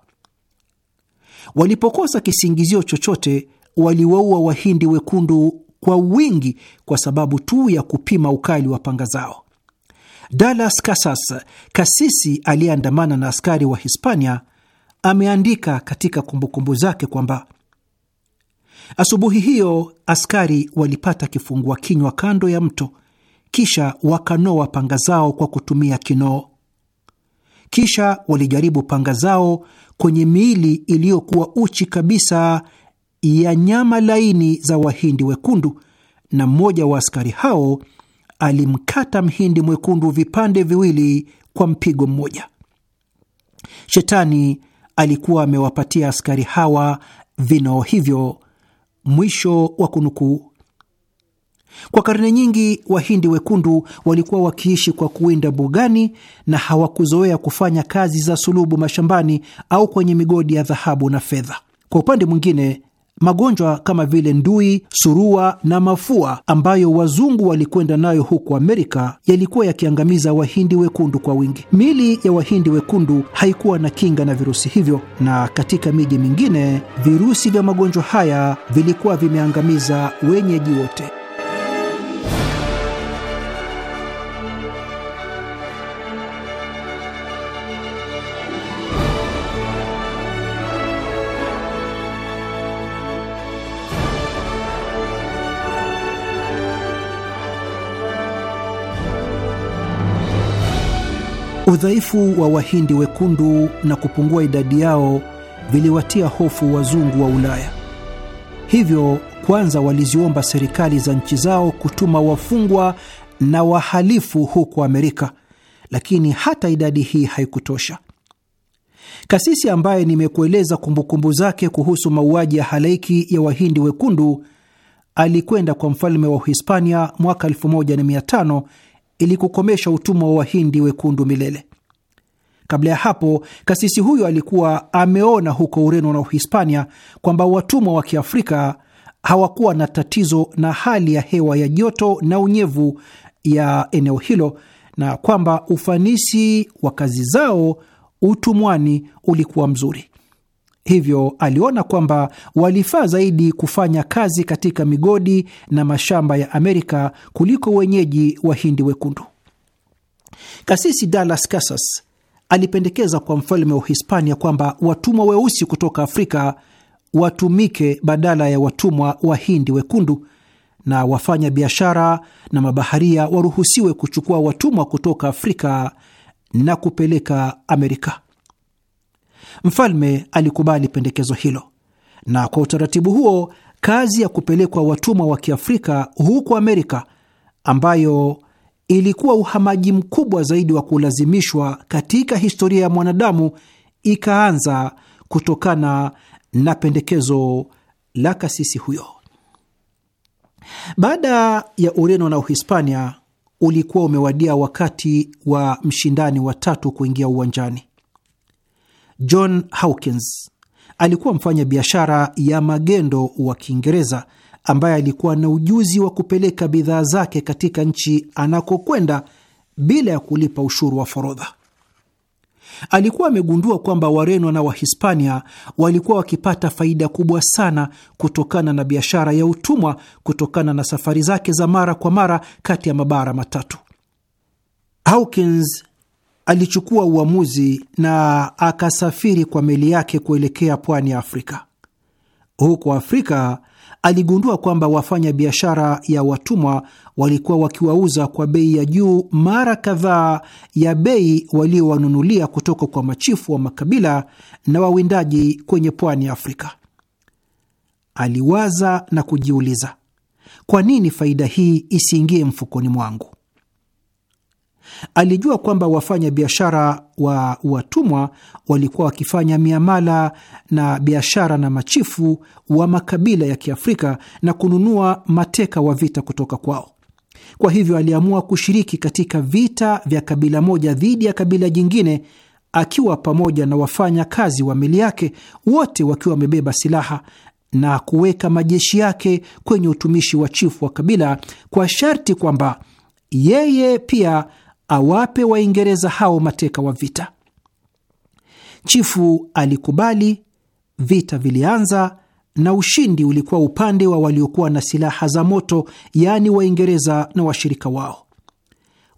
Walipokosa kisingizio chochote, waliwaua Wahindi wekundu kwa wingi kwa sababu tu ya kupima ukali wa panga zao. Dallas Casas, kasisi aliyeandamana na askari wa Hispania, ameandika katika kumbukumbu zake kwamba asubuhi hiyo askari walipata kifungua kinywa kando ya mto, kisha wakanoa panga zao kwa kutumia kinoo. Kisha walijaribu panga zao kwenye miili iliyokuwa uchi kabisa ya nyama laini za wahindi wekundu, na mmoja wa askari hao alimkata mhindi mwekundu vipande viwili kwa mpigo mmoja. Shetani alikuwa amewapatia askari hawa vinao hivyo. Mwisho wa kunukuu. Kwa karne nyingi Wahindi wekundu walikuwa wakiishi kwa kuwinda bugani na hawakuzoea kufanya kazi za sulubu mashambani au kwenye migodi ya dhahabu na fedha. Kwa upande mwingine magonjwa kama vile ndui, surua na mafua ambayo wazungu walikwenda nayo huku Amerika yalikuwa yakiangamiza wahindi wekundu kwa wingi. mili ya wahindi wekundu haikuwa na kinga na virusi hivyo, na katika miji mingine virusi vya magonjwa haya vilikuwa vimeangamiza wenyeji wote. Udhaifu wa Wahindi wekundu na kupungua idadi yao viliwatia hofu wazungu wa Ulaya. Hivyo kwanza waliziomba serikali za nchi zao kutuma wafungwa na wahalifu huko Amerika, lakini hata idadi hii haikutosha. Kasisi ambaye nimekueleza kumbukumbu zake kuhusu mauaji ya halaiki ya Wahindi wekundu alikwenda kwa mfalme wa Uhispania mwaka 1500 ili kukomesha utumwa wa Wahindi wekundu milele. Kabla ya hapo, kasisi huyo alikuwa ameona huko Ureno na Uhispania kwamba watumwa wa Kiafrika hawakuwa na tatizo na hali ya hewa ya joto na unyevu ya eneo hilo na kwamba ufanisi wa kazi zao utumwani ulikuwa mzuri. Hivyo aliona kwamba walifaa zaidi kufanya kazi katika migodi na mashamba ya Amerika kuliko wenyeji Wahindi wekundu. Kasisi Dallas Casas alipendekeza kwa mfalme wa Uhispania kwamba watumwa weusi kutoka Afrika watumike badala ya watumwa Wahindi wekundu na wafanya biashara na mabaharia waruhusiwe kuchukua watumwa kutoka Afrika na kupeleka Amerika. Mfalme alikubali pendekezo hilo, na kwa utaratibu huo kazi ya kupelekwa watumwa wa Kiafrika huko Amerika, ambayo ilikuwa uhamaji mkubwa zaidi wa kulazimishwa katika historia ya mwanadamu, ikaanza kutokana na pendekezo la kasisi huyo. Baada ya Ureno na Uhispania, ulikuwa umewadia wakati wa mshindani wa tatu kuingia uwanjani. John Hawkins alikuwa mfanya biashara ya magendo wa Kiingereza ambaye alikuwa na ujuzi wa kupeleka bidhaa zake katika nchi anakokwenda bila ya kulipa ushuru wa forodha. Alikuwa amegundua kwamba Wareno na Wahispania walikuwa wakipata faida kubwa sana kutokana na biashara ya utumwa kutokana na safari zake za mara kwa mara kati ya mabara matatu. Hawkins alichukua uamuzi na akasafiri kwa meli yake kuelekea pwani ya Afrika. Huko Afrika aligundua kwamba wafanya biashara ya watumwa walikuwa wakiwauza kwa bei ya juu mara kadhaa ya bei waliowanunulia kutoka kwa machifu wa makabila na wawindaji kwenye pwani ya Afrika. Aliwaza na kujiuliza, kwa nini faida hii isiingie mfukoni mwangu? Alijua kwamba wafanya biashara wa watumwa walikuwa wakifanya miamala na biashara na machifu wa makabila ya Kiafrika na kununua mateka wa vita kutoka kwao. Kwa hivyo aliamua kushiriki katika vita vya kabila moja dhidi ya kabila jingine, akiwa pamoja na wafanya kazi wa meli yake, wote wakiwa wamebeba silaha na kuweka majeshi yake kwenye utumishi wa chifu wa kabila, kwa sharti kwamba yeye pia awape Waingereza hao mateka wa vita. Chifu alikubali, vita vilianza na ushindi ulikuwa upande wa waliokuwa na silaha za moto, yaani Waingereza na washirika wao.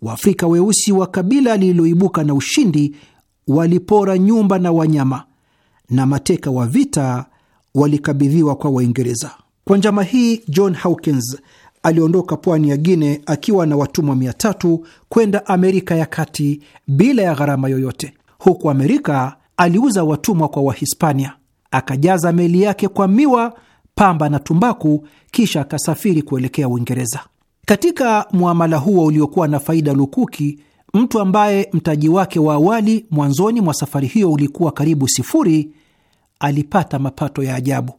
Waafrika weusi wa kabila lililoibuka na ushindi walipora nyumba na wanyama, na mateka wa vita walikabidhiwa kwa Waingereza. Kwa njama hii, John Hawkins aliondoka pwani ya Gine akiwa na watumwa mia tatu kwenda Amerika ya kati bila ya gharama yoyote. Huku Amerika aliuza watumwa kwa Wahispania, akajaza meli yake kwa miwa, pamba na tumbaku, kisha akasafiri kuelekea Uingereza. Katika mwamala huo uliokuwa na faida lukuki, mtu ambaye mtaji wake wa awali mwanzoni mwa safari hiyo ulikuwa karibu sifuri alipata mapato ya ajabu.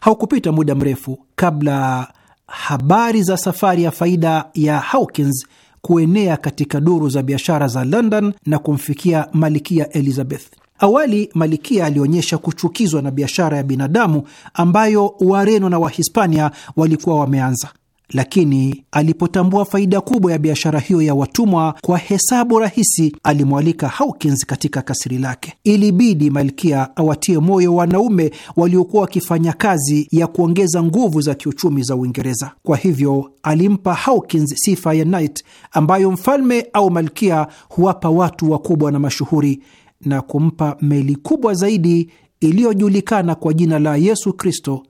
Haukupita muda mrefu kabla habari za safari ya faida ya Hawkins kuenea katika duru za biashara za London na kumfikia Malikia Elizabeth. Awali Malikia alionyesha kuchukizwa na biashara ya binadamu ambayo Wareno na Wahispania walikuwa wameanza lakini alipotambua faida kubwa ya biashara hiyo ya watumwa kwa hesabu rahisi, alimwalika Hawkins katika kasiri lake. Ilibidi malkia awatie moyo wanaume waliokuwa wakifanya kazi ya kuongeza nguvu za kiuchumi za Uingereza. Kwa hivyo alimpa Hawkins sifa ya knight ambayo mfalme au malkia huwapa watu wakubwa na mashuhuri na kumpa meli kubwa zaidi iliyojulikana kwa jina la Yesu Kristo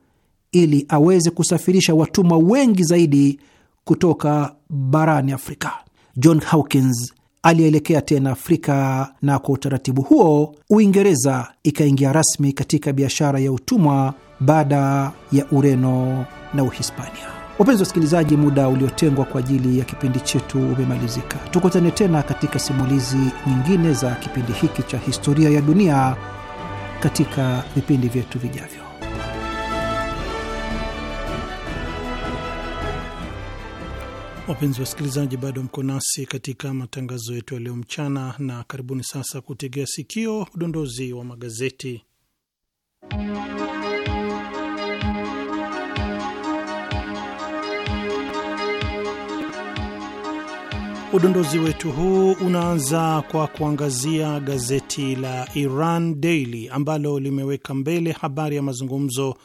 ili aweze kusafirisha watumwa wengi zaidi kutoka barani Afrika. John Hawkins alielekea tena Afrika, na kwa utaratibu huo Uingereza ikaingia rasmi katika biashara ya utumwa baada ya Ureno na Uhispania. Wapenzi wasikilizaji, muda uliotengwa kwa ajili ya kipindi chetu umemalizika. Tukutane tena katika simulizi nyingine za kipindi hiki cha historia ya dunia katika vipindi vyetu vijavyo. Wapenzi wasikilizaji, bado mko nasi katika matangazo yetu ya leo mchana, na karibuni sasa kutegea sikio udondozi wa magazeti. Udondozi wetu huu unaanza kwa kuangazia gazeti la Iran Daily ambalo limeweka mbele habari ya mazungumzo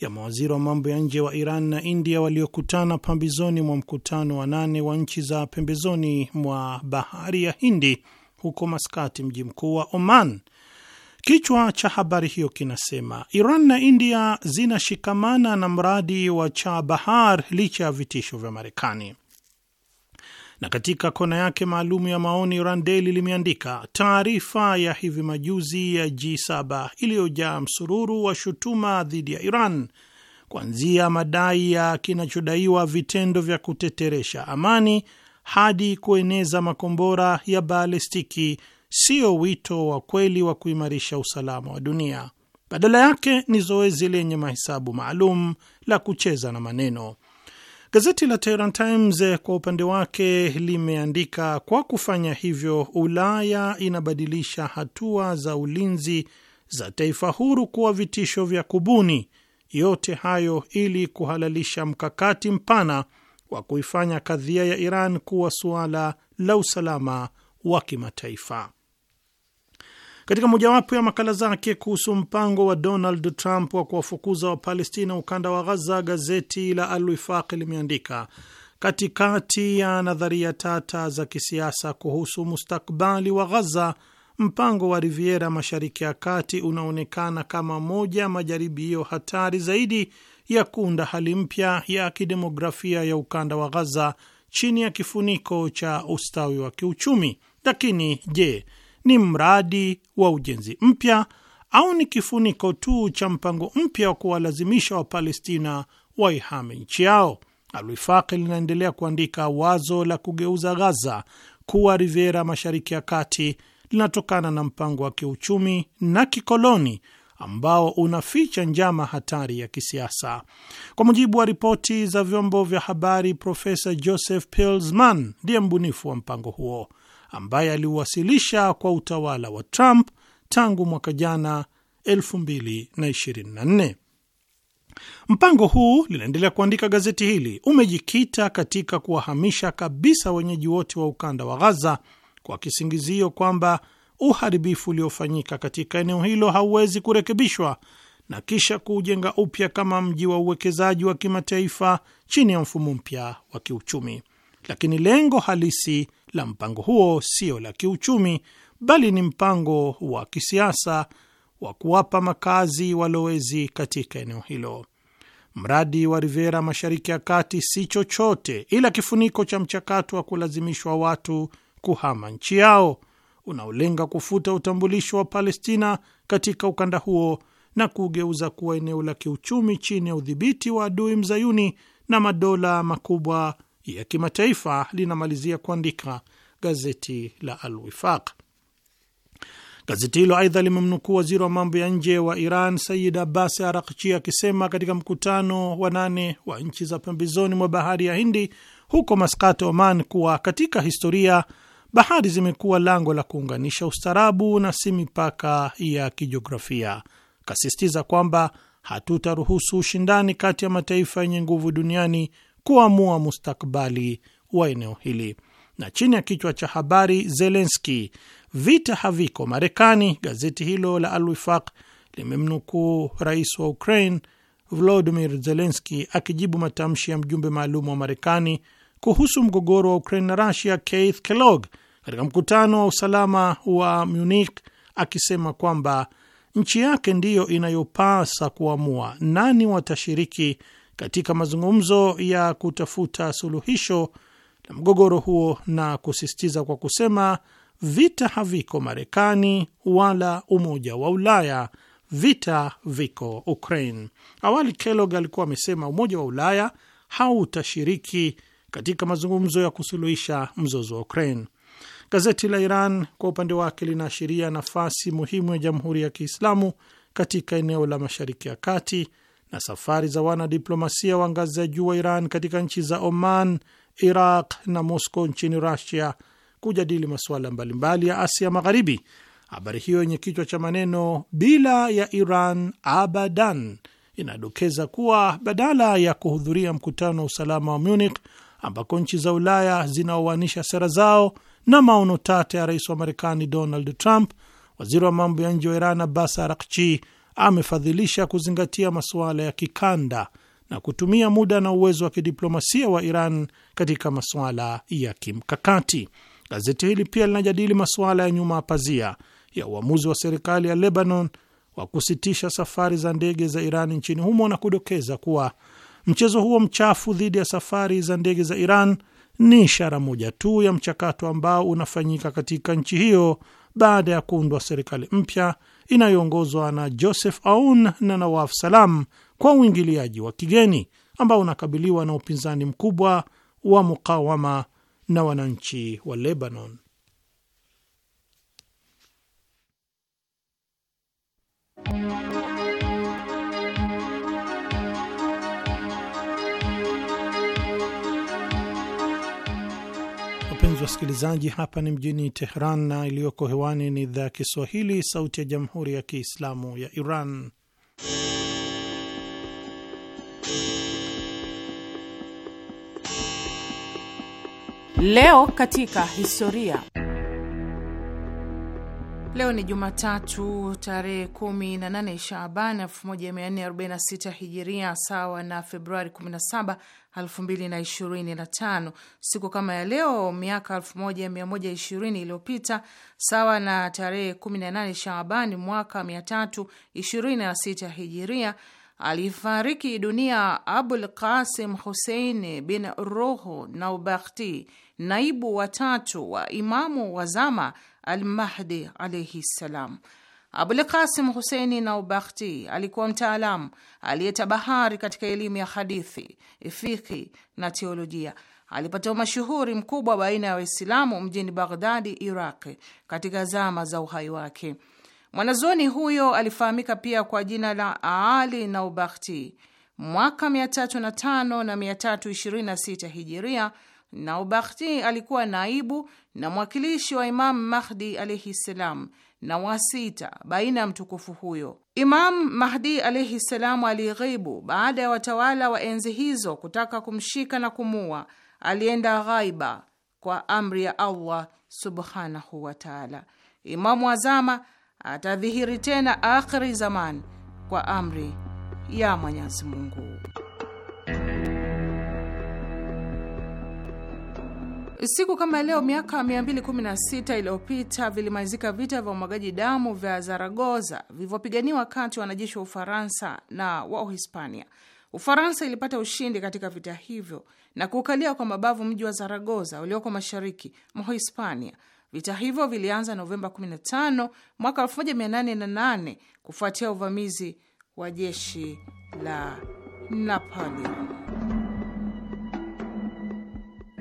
ya mawaziri wa mambo ya nje wa Iran na India waliokutana pambizoni mwa mkutano wa nane wa nchi za pembezoni mwa bahari ya Hindi huko Maskati, mji mkuu wa Oman. Kichwa cha habari hiyo kinasema Iran na India zinashikamana na mradi wa Chabahar licha ya vitisho vya Marekani na katika kona yake maalum ya maoni Randeli limeandika taarifa ya hivi majuzi ya G7 iliyojaa msururu wa shutuma dhidi ya Iran, kuanzia madai ya kinachodaiwa vitendo vya kuteteresha amani hadi kueneza makombora ya balistiki, siyo wito wa kweli wa kuimarisha usalama wa dunia. Badala yake ni zoezi lenye mahesabu maalum la kucheza na maneno. Gazeti la Tehran Times eh, kwa upande wake limeandika, kwa kufanya hivyo Ulaya inabadilisha hatua za ulinzi za taifa huru kuwa vitisho vya kubuni. Yote hayo ili kuhalalisha mkakati mpana wa kuifanya kadhia ya Iran kuwa suala la usalama wa kimataifa. Katika mojawapo ya makala zake kuhusu mpango wa Donald Trump wa kuwafukuza Wapalestina ukanda wa Ghaza, gazeti la al limeandika katikati ya nadharia tata za kisiasa kuhusu mustakbali wa Ghaza, mpango wa Riviera mashariki ya kati unaonekana kama moja majaribio hatari zaidi ya kuunda hali mpya ya kidemografia ya ukanda wa Ghaza chini ya kifuniko cha ustawi wa kiuchumi. Lakini je, ni mradi wa ujenzi mpya au ni kifuniko tu cha mpango mpya wa kuwalazimisha Wapalestina waihame nchi yao. Alwifaqi linaendelea kuandika, wazo la kugeuza Ghaza kuwa Rivera Mashariki ya Kati linatokana na mpango wa kiuchumi na kikoloni ambao unaficha njama hatari ya kisiasa. Kwa mujibu wa ripoti za vyombo vya habari, Profesa Joseph Pilsman ndiye mbunifu wa mpango huo ambaye aliuwasilisha kwa utawala wa Trump tangu mwaka jana 2024. Mpango huu, linaendelea kuandika gazeti hili, umejikita katika kuwahamisha kabisa wenyeji wote wa ukanda wa Ghaza kwa kisingizio kwamba uharibifu uliofanyika katika eneo hilo hauwezi kurekebishwa na kisha kuujenga upya kama mji wa uwekezaji wa kimataifa chini ya mfumo mpya wa kiuchumi, lakini lengo halisi la mpango huo sio la kiuchumi, bali ni mpango wa kisiasa wa kuwapa makazi walowezi katika eneo hilo. Mradi wa Rivera Mashariki ya Kati si chochote ila kifuniko cha mchakato wa kulazimishwa watu kuhama nchi yao unaolenga kufuta utambulisho wa Palestina katika ukanda huo na kugeuza kuwa eneo la kiuchumi chini ya udhibiti wa adui mzayuni na madola makubwa ya kimataifa, linamalizia kuandika gazeti la Al-Wifaq. Gazeti hilo aidha limemnukuu waziri wa mambo ya nje wa Iran Sayid Abbas Arakchi akisema katika mkutano wa nane wa nchi za pembezoni mwa bahari ya Hindi huko Maskat, Oman, kuwa katika historia bahari zimekuwa lango la kuunganisha ustarabu na si mipaka ya kijiografia. akasistiza kwamba hatutaruhusu ushindani kati ya mataifa yenye nguvu duniani kuamua mustakbali wa eneo hili. Na chini ya kichwa cha habari Zelenski, vita haviko Marekani, gazeti hilo la alwifaq limemnukuu rais wa Ukraine vlodimir Zelenski akijibu matamshi ya mjumbe maalum wa Marekani kuhusu mgogoro wa Ukraine na Russia Keith Kellogg katika mkutano wa usalama wa Munich akisema kwamba nchi yake ndiyo inayopasa kuamua nani watashiriki katika mazungumzo ya kutafuta suluhisho la mgogoro huo na kusisitiza kwa kusema, vita haviko Marekani wala Umoja wa Ulaya, vita viko Ukraine. Awali Kellogg alikuwa amesema Umoja wa Ulaya hautashiriki katika mazungumzo ya kusuluhisha mzozo wa Ukraine. Gazeti la Iran kwa upande wake linaashiria nafasi muhimu ya Jamhuri ya Kiislamu katika eneo la Mashariki ya Kati na safari za wanadiplomasia wa ngazi ya juu wa Iran katika nchi za Oman, Iraq na Moscow nchini Rusia kujadili masuala mbalimbali ya Asia Magharibi. Habari hiyo yenye kichwa cha maneno bila ya Iran abadan inadokeza kuwa badala ya kuhudhuria mkutano wa usalama wa Munich ambako nchi za Ulaya zinaoanisha sera zao na maono tata ya rais wa Marekani Donald Trump, waziri wa mambo ya nje wa Iran Abbas Araghchi amefadhilisha kuzingatia masuala ya kikanda na kutumia muda na uwezo wa kidiplomasia wa Iran katika masuala ya kimkakati. Gazeti hili pia linajadili masuala ya nyuma ya pazia ya uamuzi wa serikali ya Lebanon wa kusitisha safari za ndege za Iran nchini humo na kudokeza kuwa mchezo huo mchafu dhidi ya safari za ndege za Iran ni ishara moja tu ya mchakato ambao unafanyika katika nchi hiyo baada ya kuundwa serikali mpya inayoongozwa na Joseph Aoun na Nawaf Salam kwa uingiliaji wa kigeni ambao unakabiliwa na upinzani mkubwa wa mukawama na wananchi wa Lebanon. wapenzi wasikilizaji, hapa ni mjini Tehran na iliyoko hewani ni idhaa ya Kiswahili, sauti ya jamhuri ya kiislamu ya Iran. Leo katika historia. Leo ni Jumatatu tarehe 18 Shaaban 1446 Hijiria, sawa na Februari 17 2025 siku kama ya leo miaka 1120 iliyopita, sawa na tarehe 18 Shaabani mwaka 326 Hijiria, alifariki dunia Abul Qasim Husein bin Ruhu Naubakti, naibu watatu wa imamu wa zama Almahdi alaihi ssalam. Abul Kasim Huseini Naubakhti alikuwa mtaalamu aliyetabahari katika elimu ya hadithi, fiki na teolojia. Alipata umashuhuri mkubwa baina ya Waislamu mjini Baghdadi, Iraq, katika zama za uhai wake. Mwanazuoni huyo alifahamika pia kwa jina la Ali Naubakhti. Mwaka 305 na 326 hijiria Naubakhti alikuwa naibu na mwakilishi wa Imamu Mahdi alaihi ssalam na wasita baina ya mtukufu huyo. Imam Mahdi alaihi ssalamu alighibu baada ya watawala wa enzi hizo kutaka kumshika na kumua, alienda ghaiba kwa amri ya Allah subhanahu wataala Imamu azama atadhihiri tena akhiri zaman kwa amri ya Mwenyezi Mungu. Siku kama leo miaka 216 iliyopita vilimalizika vita vya umwagaji damu vya Zaragoza vilivyopiganiwa kati ya wanajeshi wa Ufaransa na wa Uhispania. Ufaransa ilipata ushindi katika vita hivyo na kukalia kwa mabavu mji wa Zaragoza ulioko mashariki mwa Hispania. Vita hivyo vilianza Novemba 15 mwaka 1808 kufuatia uvamizi wa jeshi la Napoleon.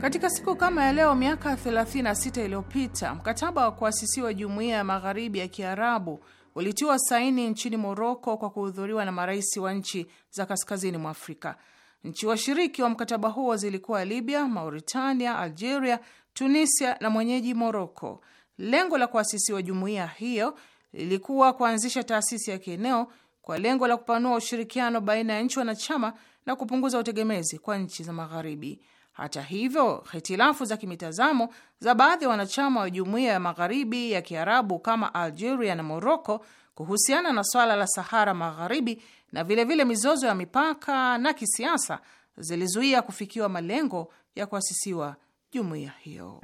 Katika siku kama ya leo miaka 36 iliyopita mkataba wa kuasisiwa jumuiya ya magharibi ya Kiarabu ulitiwa saini nchini Moroko kwa kuhudhuriwa na marais wa nchi za kaskazini mwa Afrika. Nchi washiriki wa mkataba huo zilikuwa Libya, Mauritania, Algeria, Tunisia na mwenyeji Moroko. Lengo la kuasisiwa jumuiya hiyo lilikuwa kuanzisha taasisi ya kieneo kwa lengo la kupanua ushirikiano baina ya nchi wanachama na kupunguza utegemezi kwa nchi za magharibi. Hata hivyo, hitilafu za kimitazamo za baadhi ya wanachama wa jumuiya ya magharibi ya Kiarabu kama Algeria na Moroko kuhusiana na swala la Sahara Magharibi na vilevile vile mizozo ya mipaka na kisiasa zilizuia kufikiwa malengo ya kuasisiwa jumuiya hiyo.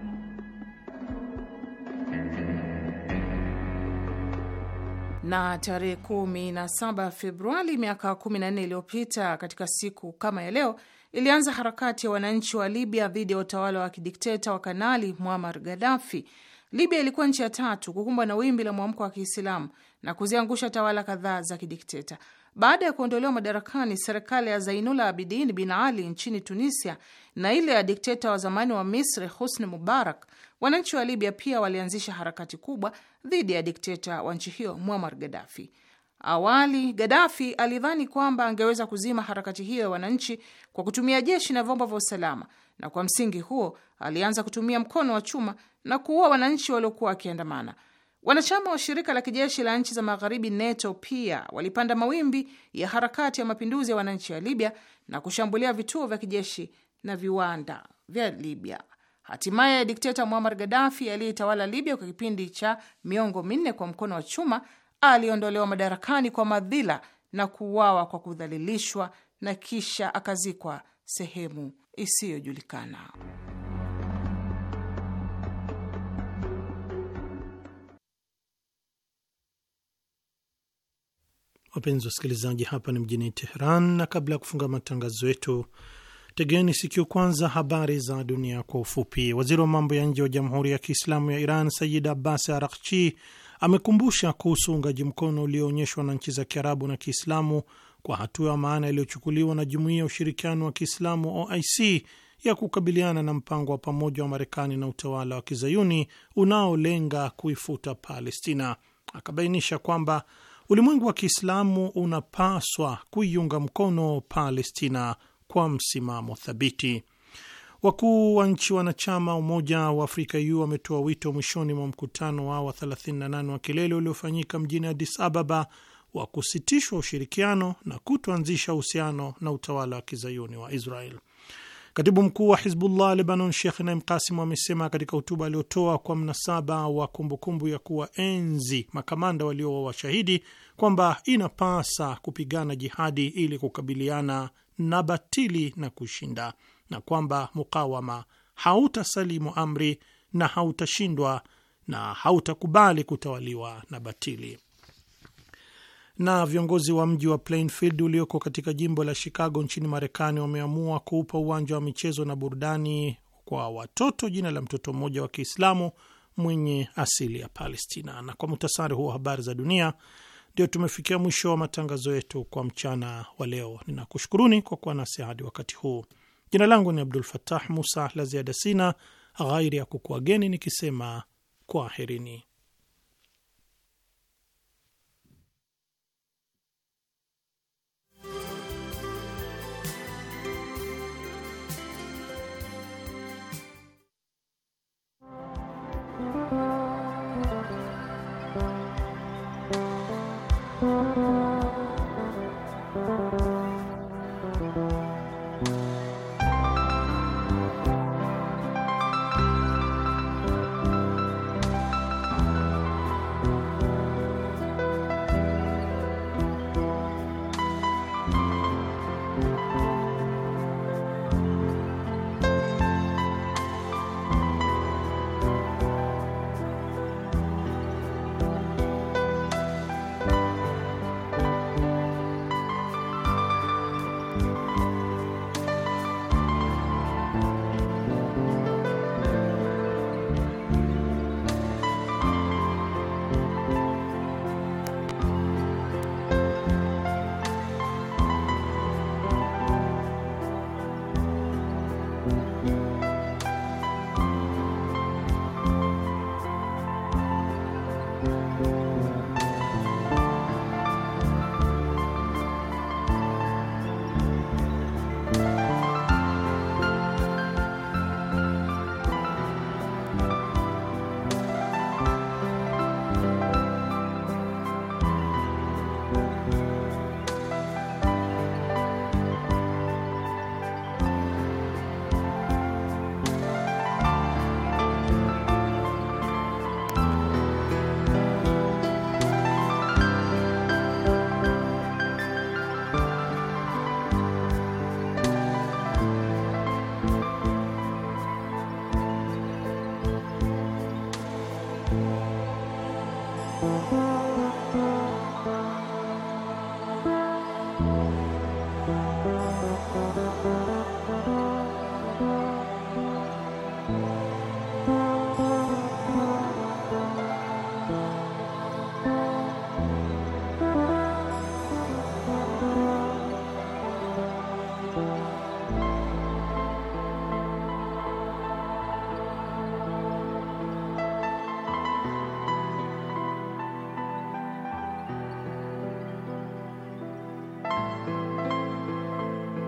Na tarehe 17 Februari miaka 14 iliyopita katika siku kama ya leo ilianza harakati ya wananchi wa Libya dhidi ya utawala wa kidikteta wa Kanali Muammar Gaddafi. Libya ilikuwa nchi ya tatu kukumbwa na wimbi la mwamko wa Kiislamu na kuziangusha tawala kadhaa za kidikteta. Baada ya kuondolewa madarakani serikali ya Zainula Abidin Bin Ali nchini Tunisia na ile ya dikteta wa zamani wa Misri Husni Mubarak, wananchi wa Libya pia walianzisha harakati kubwa dhidi ya dikteta wa nchi hiyo Muammar Gaddafi. Awali Gaddafi alidhani kwamba angeweza kuzima harakati hiyo ya wananchi kwa kutumia jeshi na vyombo vya usalama, na kwa msingi huo alianza kutumia mkono wa chuma na kuua wananchi waliokuwa wakiandamana. Wanachama wa shirika la kijeshi la nchi za magharibi NATO pia walipanda mawimbi ya harakati ya mapinduzi ya wananchi ya Libya na kushambulia vituo vya kijeshi na viwanda vya Libya. Hatimaye dikteta Muammar Gaddafi aliyetawala Libya kwa kipindi cha miongo minne kwa mkono wa chuma aliondolewa madarakani kwa madhila na kuuawa kwa kudhalilishwa na kisha akazikwa sehemu isiyojulikana. Wapenzi wasikilizaji, hapa ni mjini Teheran, na kabla ya kufunga matangazo yetu, tegeni sikio kwanza habari za dunia kwa ufupi. Waziri wa mambo ya nje wa Jamhuri ya Kiislamu ya Iran Sayid Abbas Arakchi amekumbusha kuhusu uungaji mkono ulioonyeshwa na nchi za Kiarabu na Kiislamu kwa hatua ya maana iliyochukuliwa na Jumuiya ya Ushirikiano wa Kiislamu OIC ya kukabiliana na mpango wa pamoja wa Marekani na utawala wa kizayuni unaolenga kuifuta Palestina. Akabainisha kwamba ulimwengu wa Kiislamu unapaswa kuiunga mkono Palestina kwa msimamo thabiti. Wakuu wa nchi wanachama Umoja wa Afrika u wametoa wito mwishoni mwa mkutano wao wa 38 wa kilele uliofanyika mjini Addis Ababa wa kusitishwa ushirikiano na kutoanzisha uhusiano na utawala wa kizayuni wa Israel. Katibu mkuu wa Hizbullah Lebanon, Shekh Naim Kasim amesema katika hotuba aliotoa kwa mnasaba wa kumbukumbu ya kuwa enzi makamanda waliowa washahidi kwamba inapasa kupigana jihadi ili kukabiliana na batili na kushinda na kwamba mukawama hautasalimu amri na hautashindwa na hautakubali kutawaliwa na batili. Na viongozi wa mji wa Plainfield ulioko katika jimbo la Chicago nchini Marekani wameamua kuupa uwanja wa michezo na burudani kwa watoto jina la mtoto mmoja wa Kiislamu mwenye asili ya Palestina. Na kwa muhtasari huo habari za dunia, ndio tumefikia mwisho wa matangazo yetu kwa mchana wa leo. Ninakushukuruni kwa kuwa nasi hadi wakati huu. Jina langu ni Abdul Fatah Musa. La ziada sina ghairi ya kukuageni nikisema kwaherini.